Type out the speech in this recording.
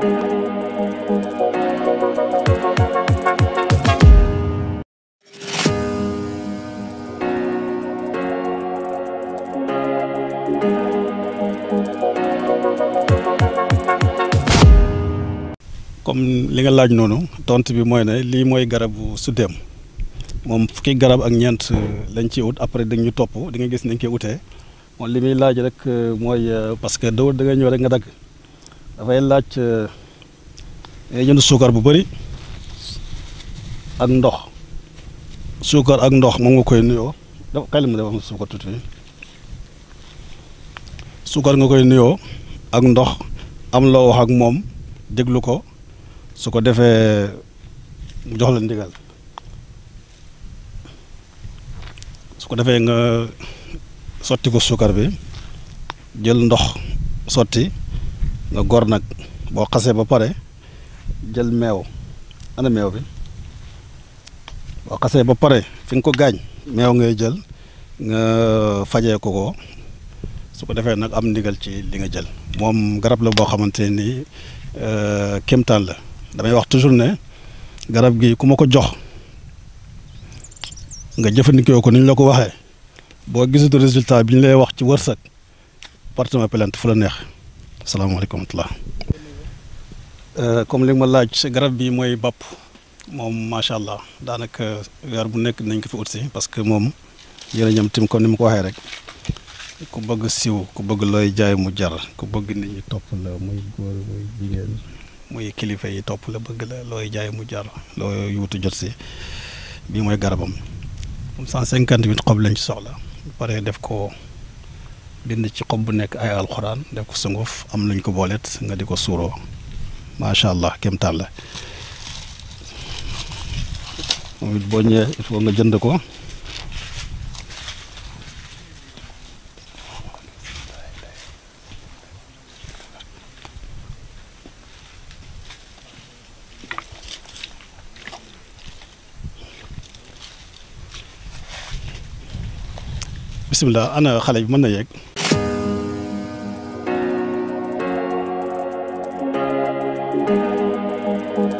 comme li nga laaj noonu tontu bi mooy na lii mooy garabu suddeem moom fukki garab ak ñeent euh, lañ ciy ut après da ñu topp di nga gis nañ koy utee moom li muy laaj rek euh, mooy euh, parce que dawul da nga ñëw rek nga dagg dafay laaj ngay euh, jënd suukar bu bari ak ndox suukar ak ndox moom nga koy nuyoo dafa xel mu dafa am suukar tuuti suukar nga koy nuyoo ak ndox am loo wax ak moom déglu ko su ko defee mu jox la ndigal su ko defee nga sotti ko suukar bi jël ndox sotti nga gor nag boo xasee ba pare jël meew ana meew bi boo xasee ba pare fi nga ko gaañ meew ngay jël nga fajee ko ko su ko defee nag am ndigal ci li nga jël moom garab la boo xamante ni euh, kéemtaan la damay wax toujours ne garab gi ku ma ko jox nga jëfandikoo ko ni ñu la ko waxee boo gisatu résultat bi ñu lay wax ci wërsëg porte ma fu la neex salaamaaleykum wa rahmatulah. Euh, comme li ma laaj si garab bi mooy bàpp moom macha allah daanaka weer bu nekk nañ ko fi ut si parce que moom jërëjëm tim comme ni ma ko waxee rek ku bëgg siw ku bëgg looy jaay mu jar ku bëgg nit ñi topp la muy góor muy jigéen muy kilifa yi topp la bëgg la looy jaay mu jar loo yuutu jot si bii mooy garabam cent cinquante huit xob lañ ci soxla pare def ko. bind ci xob bu nekk ay alxuraan def ko sunguf am luñ ko booleet nga di ko suuroo macha allah kéemtaan la moom it boo ñëwee il faut nga jënd ko bisimilah ana xale bi mën na yegg thank you